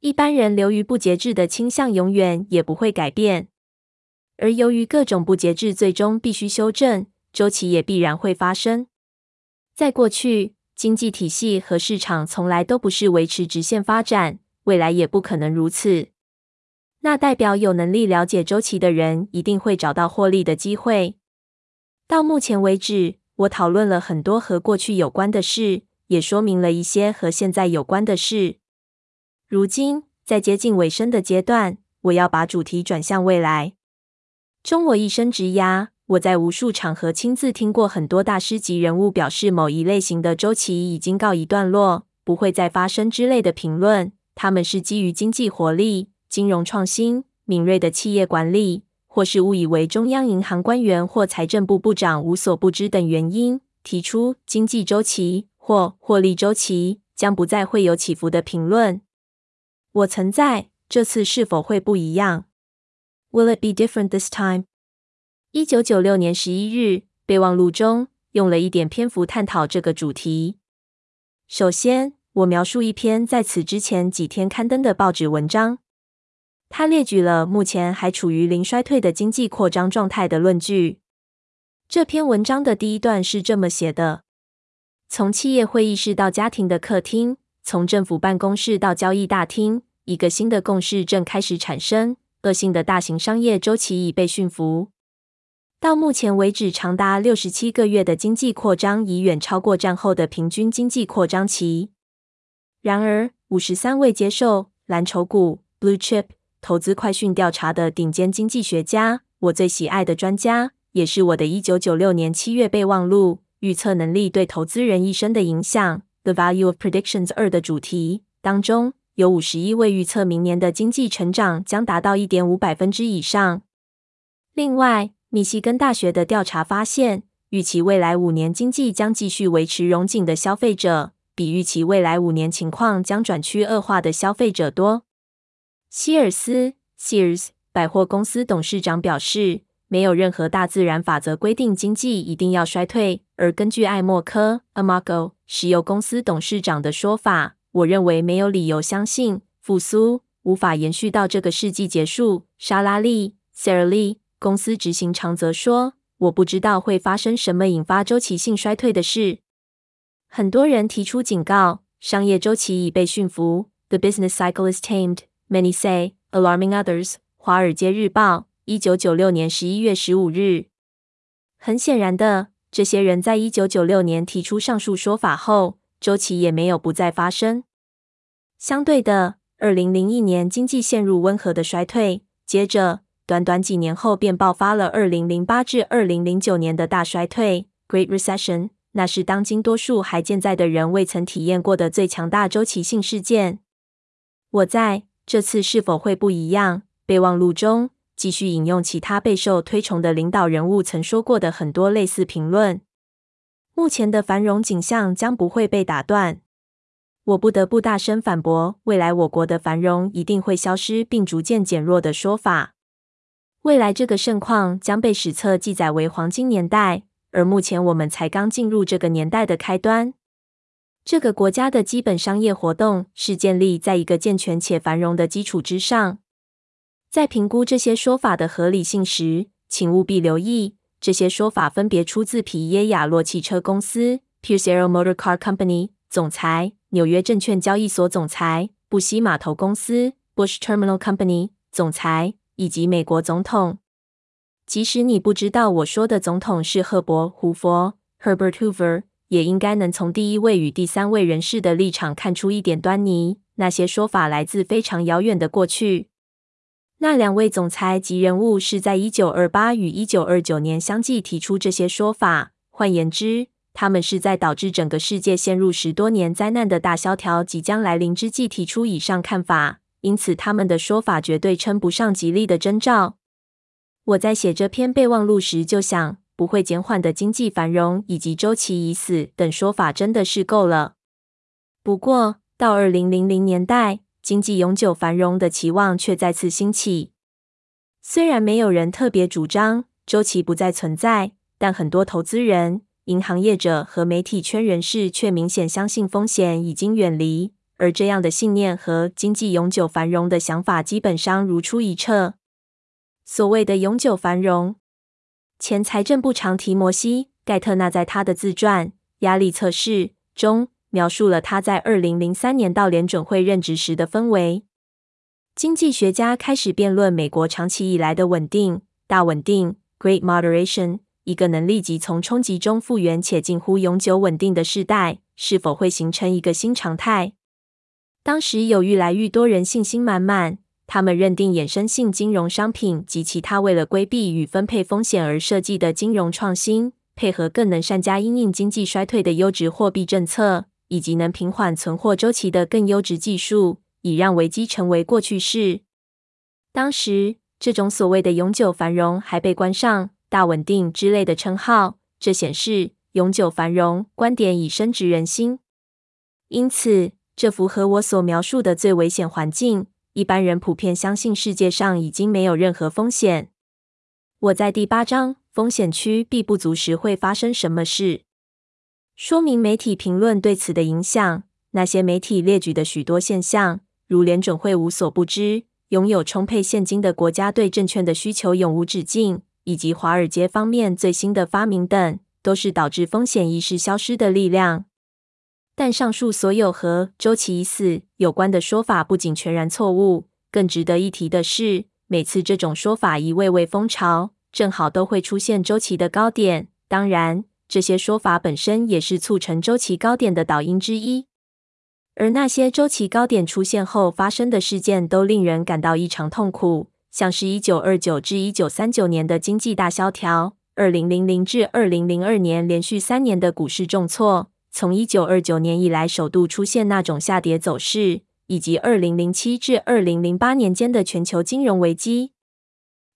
一般人流於不節制的傾向，永遠也不會改變。而由於各種不節制，最終必須修正，週期也必然會發生。在過去，經濟體系和市場從來都不是維持直線發展，未來也不可能如此。那代表有能力了解週期的人，一定會找到獲利的機會。到目前為止，我討論了很多和過去有關的事，也說明了一些和現在有關的事。如今在接近尾聲的階段，我要把主題轉向未來。終我一生之涯，我在無數場合親自聽過很多大師級人物表示，某一類型的週期已經告一段落，不會再發生之類的評論。他們是基於經濟活力、金融創新、敏銳的企業管理，或是誤以為中央銀行官員或財政部部長無所不知等原因，提出經濟週期或獲利週期將不再會有起伏的評論。我曾在，這次是否會不一樣？Will it be different this time？一九九六年十一日備忘錄中用了一點篇幅探討這個主題。首先，我描述一篇在此之前幾天刊登的報紙文章。他列舉了目前還處於零衰退的經濟擴張狀態的論據。這篇文章的第一段是這麼寫的：從企業會議室到家庭的客廳。從政府辦公室到交易大廳，一個新的共識正開始產生。惡性的大型商業週期已被馴服。到目前為止，長達六十七個月的經濟擴張已遠超過戰後的平均經濟擴張期。然而，五十三位接受藍籌股 （Blue Chip） 投資快訊調查的頂尖經濟學家，我最喜愛的專家，也是我的一九九六年七月備忘錄，預測能力對投資人一生的影響。The Value of Predictions 二的主題當中，有五十一位預測明年的經濟成長將達到一點五百分之以上。另外，密西根大學的調查發現，預期未來五年經濟將繼續維持榮景的消費者，比預期未來五年情況將轉趨惡化的消費者多。希爾斯 （Sears） 百貨公司董事長表示。沒有任何大自然法則規定經濟一定要衰退。而根據艾默科 （Amago） 石油公司董事長的說法，我認為沒有理由相信復甦無法延續到這個世紀結束。沙拉利 s a r a Lee） 公司執行長則說：“我不知道會發生什麼引發周期性衰退的事。”很多人提出警告：“商業周期已被馴服。” The business cycle is tamed, many say, alarming others. 華爾街日報。一九九六年十一月十五日，很顯然的，這些人在一九九六年提出上述說法後，週期也沒有不再發生。相對的，二零零一年經濟陷入溫和的衰退，接着短短幾年後便爆發了二零零八至二零零九年的大衰退 （Great Recession）。那是當今多數還健在的人未曾體驗過的最強大週期性事件。我在這次是否會不一樣？備忘錄中。繼續引用其他備受推崇的領導人物曾說過的很多類似評論。目前的繁榮景象將不會被打斷。我不得不大聲反駁，未來我國的繁榮一定會消失並逐漸減弱的說法。未來這個盛況將被史冊記載為黃金年代，而目前我們才剛進入這個年代的開端。這個國家的基本商業活動是建立在一個健全且繁榮的基礎之上。在評估這些說法的合理性時，請務必留意這些說法分別出自皮耶亞洛汽車公司 （Pierce Arrow Motor Car Company） 總裁、紐約證券交易所總裁、布希碼頭公司 （Bush Terminal Company） 總裁，以及美國總統。即使你不知道我說的總統是赫伯·胡佛 （Herbert Hoover），也應該能從第一位與第三位人士的立場看出一點端倪。那些說法來自非常遙遠的過去。那兩位總裁級人物是在一九二八與一九二九年相繼提出這些說法。換言之，他們是在導致整個世界陷入十多年災難的大蕭條即將來臨之際提出以上看法。因此，他們的說法絕對稱不上吉利的徵兆。我在寫這篇備忘錄時就想，不會減緩的經濟繁榮以及周期已死等說法真的是夠了。不過，到二零零零年代，經濟永久繁榮的期望卻再次興起。雖然沒有人特別主張周期不再存在，但很多投資人、銀行業者和媒體圈人士卻明顯相信風險已經遠離。而這樣的信念和經濟永久繁榮的想法基本上如出一轍。所謂的永久繁榮，前財政部長提摩西·蓋特納在他的自傳《壓力測試》中。描述了他在二零零三年到聯準會任職時的氛圍。經濟學家開始辯論美國長期以來的穩定、大穩定 （Great Moderation），一個能立即從衝擊中復原且近乎永久穩定的世代，是否會形成一個新常態。當時有愈來愈多人信心滿滿，他們認定衍生性金融商品及其他為了規避與分配風險而設計的金融創新，配合更能善加因應經濟衰退的優質貨幣政策。以及能平緩存貨周期的更優質技術，以讓危機成為過去式。當時，這種所謂的“永久繁榮”還被冠上“大穩定”之類的稱號，這顯示“永久繁榮”觀點已深植人心。因此，這符合我所描述的最危險環境。一般人普遍相信世界上已經沒有任何風險。我在第八章“風險趨避不足時會發生什麼事”。說明媒體評論對此的影響。那些媒體列舉的許多現象，如聯準會無所不知、擁有充沛現金的國家對證券的需求永無止境，以及華爾街方面最新的發明等，都是導致風險意識消失的力量。但上述所有和週期已死有關的說法，不僅全然錯誤，更值得一提的是，每次這種說法一味位風潮，正好都會出現週期的高點。當然。這些說法本身也是促成週期高點的導因之一，而那些週期高點出現後發生的事件都令人感到異常痛苦，像是一九二九至一九三九年的經濟大蕭條，二零零零至二零零二年連續三年的股市重挫，從一九二九年以來首度出現那種下跌走勢，以及二零零七至二零零八年間的全球金融危機。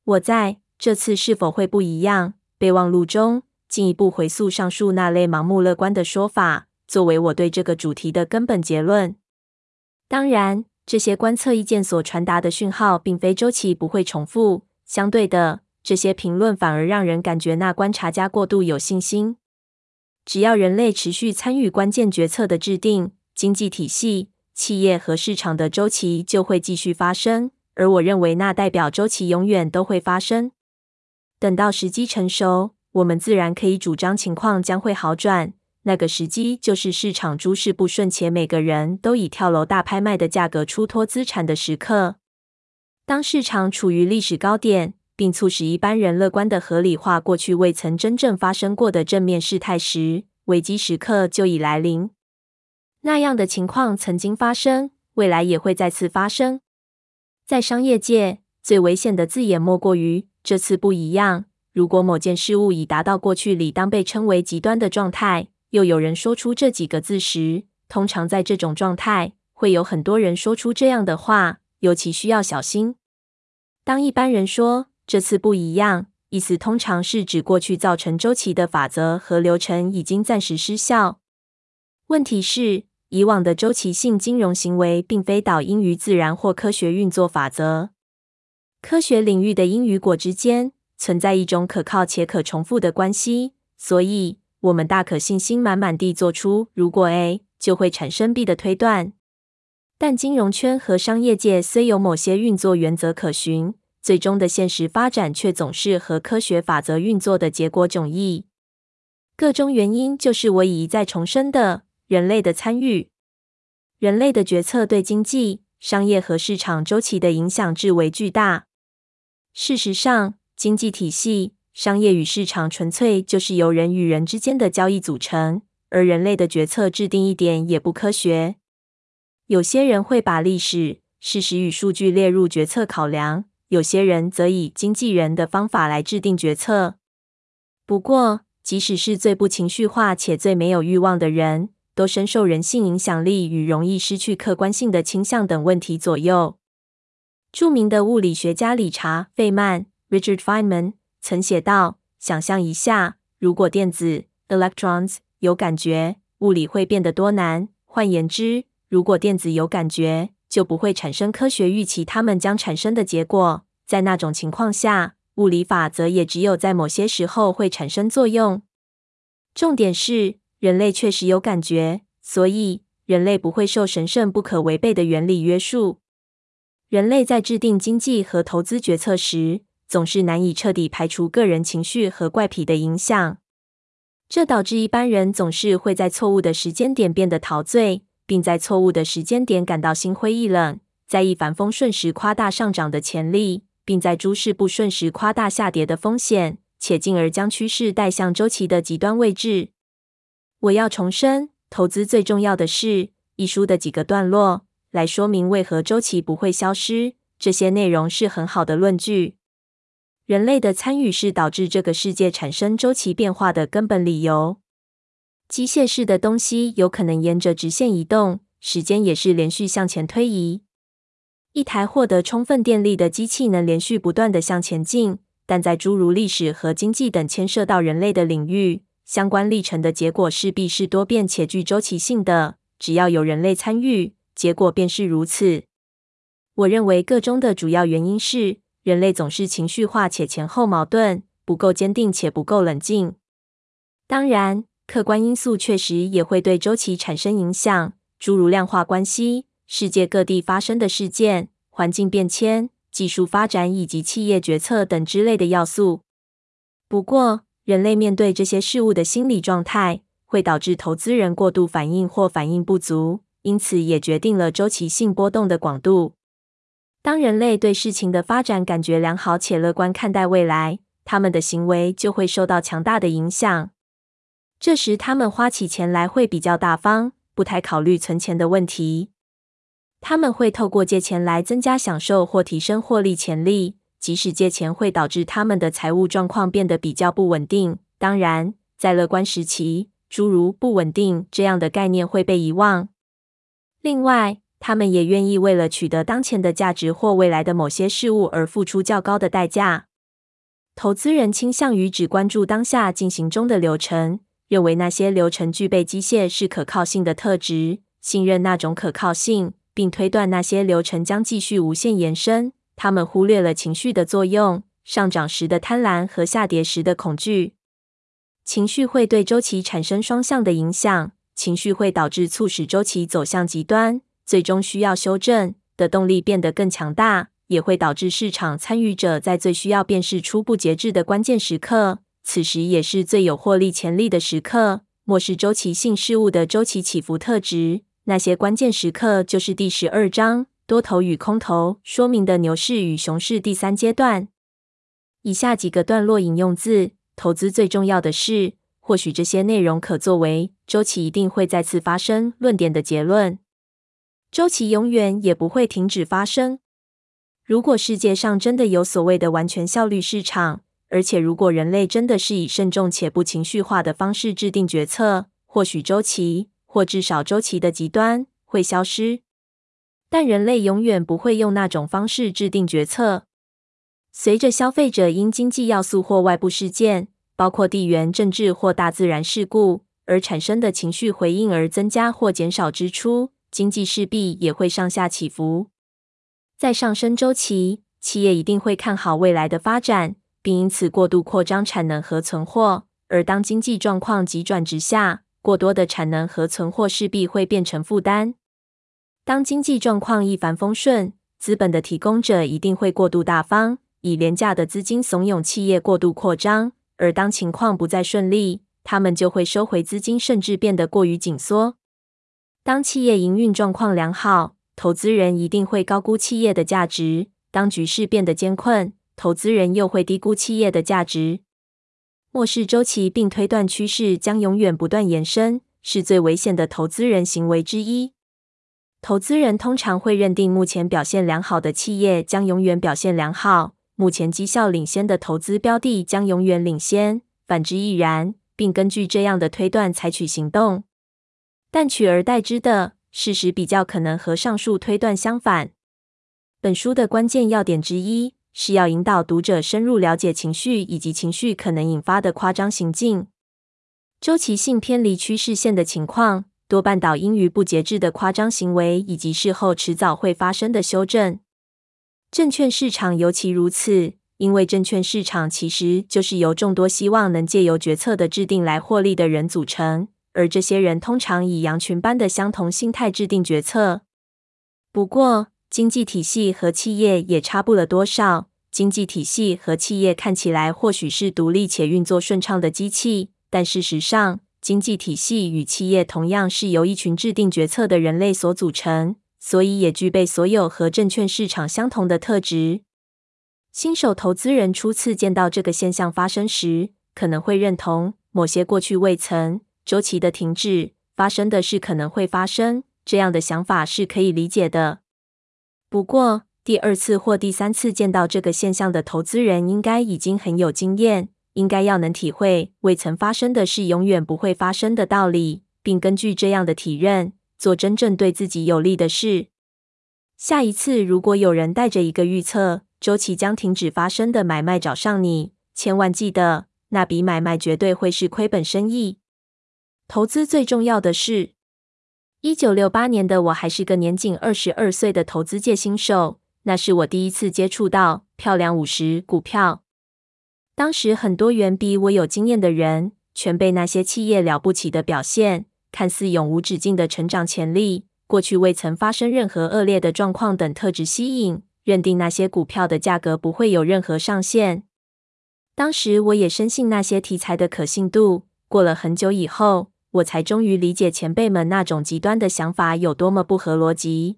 我在這次是否會不一樣？備忘錄中，進一步回溯上述那類盲目樂觀的說法，作為我對這個主題的根本結論。當然，這些觀測意見所傳達的訊號並非周期不會重複。相對的，這些評論反而讓人感覺那觀察家過度有信心。只要人類持續參與關鍵決策的制定，經濟體系、企業和市場的周期就會繼續發生。而我認為，那代表周期永遠都會發生。等到時機成熟，我們自然可以主張情況將會好轉，那個時機就是市場諸事不順且每個人都以跳樓大拍賣的價格出脫資產的時刻。當市場處於歷史高點，並促使一般人樂觀地合理化過去未曾真正發生過的正面事態時，危機時刻就已來臨。那樣的情況曾經發生，未來也會再次發生。在商業界，最危險的字眼莫過於“這次不一樣”。如果某件事物已達到過去理當被稱為極端的狀態，又有人說出這幾個字時，通常在這種狀態會有很多人說出這樣的話，尤其需要小心。當一般人說“這次不一樣”，意思通常是指過去造成週期的法則和流程已經暫時失效。問題是，以往的週期性金融行為並非導因於自然或科學運作法則，科學領域的因與果之間。存在一種可靠且可重複的關係，所以我們大可信心滿滿地做出“如果 A 就會產生 B” 的推斷。但金融圈和商業界雖有某些運作原則可循，最終的現實發展卻總是和科學法則運作的結果迥異。個中原因就是我已一再重申的：人類的參與、人類的決策對經濟、商業和市場週期的影響至為巨大。事實上。經濟體系、商業與市場純粹就是由人與人之間的交易組成，而人類的決策制定一點也不科學。有些人會把歷史、事實與數據列入決策考量，有些人則以經紀人的方法來制定決策。不過，即使是最不情緒化且最沒有慾望的人，都深受人性影響力與容易失去客觀性的傾向等問題左右。著名的物理學家理查·費曼。Richard Feynman 曾寫道：“想象一下，如果電子 electrons 有感覺，物理會變得多難。換言之，如果電子有感覺，就不會產生科學預期它們將產生的結果。在那種情況下，物理法則也只有在某些時候會產生作用。重點是，人類確實有感覺，所以人類不會受神聖不可違背的原理約束。人類在制定經濟和投資決策時。”總是難以徹底排除個人情緒和怪癖的影響，這導致一般人總是會在錯誤的時間點變得陶醉，並在錯誤的時間點感到心灰意冷。在一帆風順時誇大上漲的潛力，並在諸事不順時誇大下跌的風險，且進而將趨勢帶向周期的極端位置。我要重申，《投資最重要的事》一書的幾個段落來說明為何周期不會消失。這些內容是很好的論據。人類的參與是導致這個世界產生週期變化的根本理由。機械式的東西有可能沿着直線移動，時間也是連續向前推移。一台獲得充分電力的機器能連續不斷地向前進，但在諸如歷史和經濟等牽涉到人類的領域，相關歷程的結果勢必是多變且具週期性的。只要有人類參與，結果便是如此。我認為個中的主要原因是。人類總是情緒化且前後矛盾，不夠堅定且不夠冷靜。當然，客觀因素確實也會對週期產生影響，諸如量化關係、世界各地發生的事件、環境變遷、技術發展以及企業決策等之類的要素。不過，人類面對這些事物的心理狀態，會導致投資人過度反應或反應不足，因此也決定了週期性波動的廣度。當人類對事情的發展感覺良好且樂觀看待未來，他們的行為就會受到強大的影響。這時，他們花起錢來會比較大方，不太考慮存錢的問題。他們會透過借錢來增加享受或提升獲利潛力，即使借錢會導致他們的財務狀況變得比較不穩定。當然，在樂觀時期，諸如不穩定這樣的概念會被遺忘。另外，他們也願意為了取得當前的價值或未來的某些事物而付出較高的代價。投資人傾向於只關注當下進行中的流程，認為那些流程具備機械式可靠性的特質，信任那種可靠性，並推斷那些流程將繼續無限延伸，他們忽略了情緒的作用，上漲時的貪婪和下跌時的恐懼。情緒會對周期產生雙向的影響，情緒會導致促使周期走向極端。最終需要修正的動力變得更強大，也會導致市場參與者在最需要辨識初步節制的關鍵時刻。此時也是最有獲利潛力的時刻。漠視週期性事物的週期起伏特質，那些關鍵時刻就是第十二章多頭與空頭說明的牛市與熊市第三階段。以下幾個段落引用自：投資最重要的事，或許這些內容可作為週期一定會再次發生論點的結論。周期永遠也不會停止發生。如果世界上真的有所謂的完全效率市場，而且如果人類真的是以慎重且不情緒化的方式制定決策，或許周期或至少周期的極端會消失。但人類永遠不會用那種方式制定決策。隨着消費者因經濟要素或外部事件（包括地緣政治或大自然事故）而產生的情緒回應而增加或減少支出，經濟勢必也會上下起伏。在上升周期，企業一定會看好未來的發展，並因此過度擴張產能和存貨；而當經濟狀況急轉直下，過多的產能和存貨勢必會變成負擔。當經濟狀況一帆風順，資本的提供者一定會過度大方，以廉價的資金慫恿企業過度擴張；而當情況不再順利，他們就會收回資金，甚至變得過於緊縮。當企業營運狀況良好，投資人一定會高估企業的價值；當局勢變得艱困，投資人又會低估企業的價值。漠視週期並推斷趨勢將永遠不斷延伸，是最危險的投資人行為之一。投資人通常會認定目前表現良好的企業將永遠表現良好，目前績效領先的投資標的將永遠領先，反之亦然，並根據這樣的推斷採取行動。但取而代之的事實比較可能和上述推斷相反。本書的關鍵要點之一，是要引導讀者深入了解情緒以及情緒可能引發的誇張行徑。週期性偏離趨勢線的情況多半導因於不節制的誇張行為，以及事後遲早會發生的修正。證券市場尤其如此，因為證券市場其實就是由眾多希望能借由決策的制定來獲利的人組成。而這些人通常以羊群般的相同心態制定決策。不過，經濟體系和企業也差不了多少。經濟體系和企業看起來或許是獨立且運作順暢的機器，但事實上，經濟體系與企業同樣是由一群制定決策的人類所組成，所以也具備所有和證券市場相同的特質。新手投資人初次見到這個現象發生時，可能會認同某些過去未曾。週期的停滯發生的事可能會發生，這樣的想法是可以理解的。不過，第二次或第三次見到這個現象的投資人，應該已經很有經驗，應該要能體會未曾發生的事永遠不會發生的道理，並根據這樣的體認做真正對自己有利的事。下一次，如果有人帶着一個預測週期將停止發生的買賣找上你，千萬記得，那筆買賣絕對會是虧本生意。投資最重要的是，一九六八年的我還是個年僅二十二歲的投資界新手。那是我第一次接觸到漂亮五十股票。當時，很多遠比我有經驗的人，全被那些企業了不起的表現、看似永無止境的成長潛力、過去未曾發生任何惡劣的狀況等特質吸引，認定那些股票的價格不會有任何上限。當時，我也深信那些題材的可信度。過了很久以後，我才終於理解前輩們那種極端的想法有多麼不合邏輯。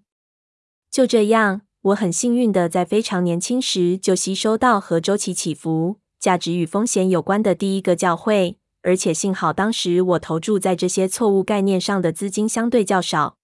就這樣，我很幸運地在非常年輕時就吸收到和週期起伏、價值與風險有關的第一個教誨。而且幸好當時我投注在這些錯誤概念上的資金相對較少。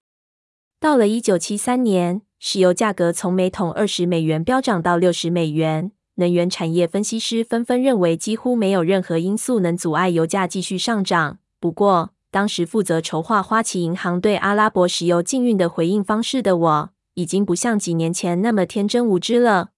到了一九七三年，石油價格從每桶二十美元飆漲到六十美元，能源產業分析師紛紛認為幾乎沒有任何因素能阻礙油價繼續上漲。不過，當時負責籌劃花旗銀行對阿拉伯石油禁運的回應方式的我，已經不像幾年前那麼天真無知了。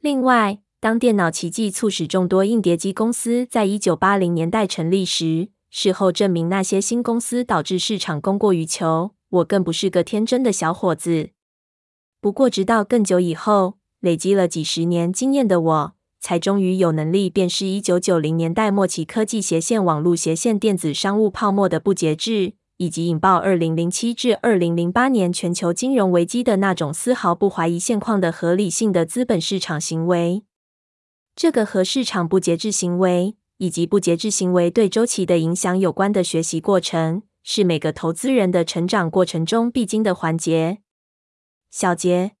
另外，當電腦奇蹟促使眾多硬碟機公司在1980年代成立時，事後證明那些新公司導致市場供過於求，我更不是個天真的小伙子。不過，直到更久以後，累積了幾十年經驗的我，才終於有能力辨識一九九零年代末期科技斜線、網絡斜線、電子商務泡沫的不節制，以及引爆二零零七至二零零八年全球金融危機的那種絲毫不懷疑現況的合理性的資本市場行為。這個和市場不節制行為以及不節制行為對週期的影響有關的學習過程，是每個投資人的成長過程中必經的環節。小結。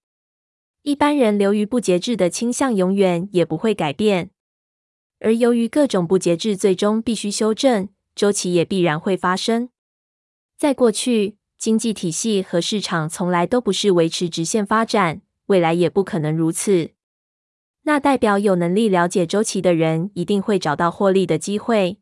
一般人流於不節制的傾向，永遠也不會改變。而由於各種不節制，最終必須修正，週期也必然會發生。在過去，經濟體系和市場從來都不是維持直線發展，未來也不可能如此。那代表有能力了解週期的人，一定會找到獲利的機會。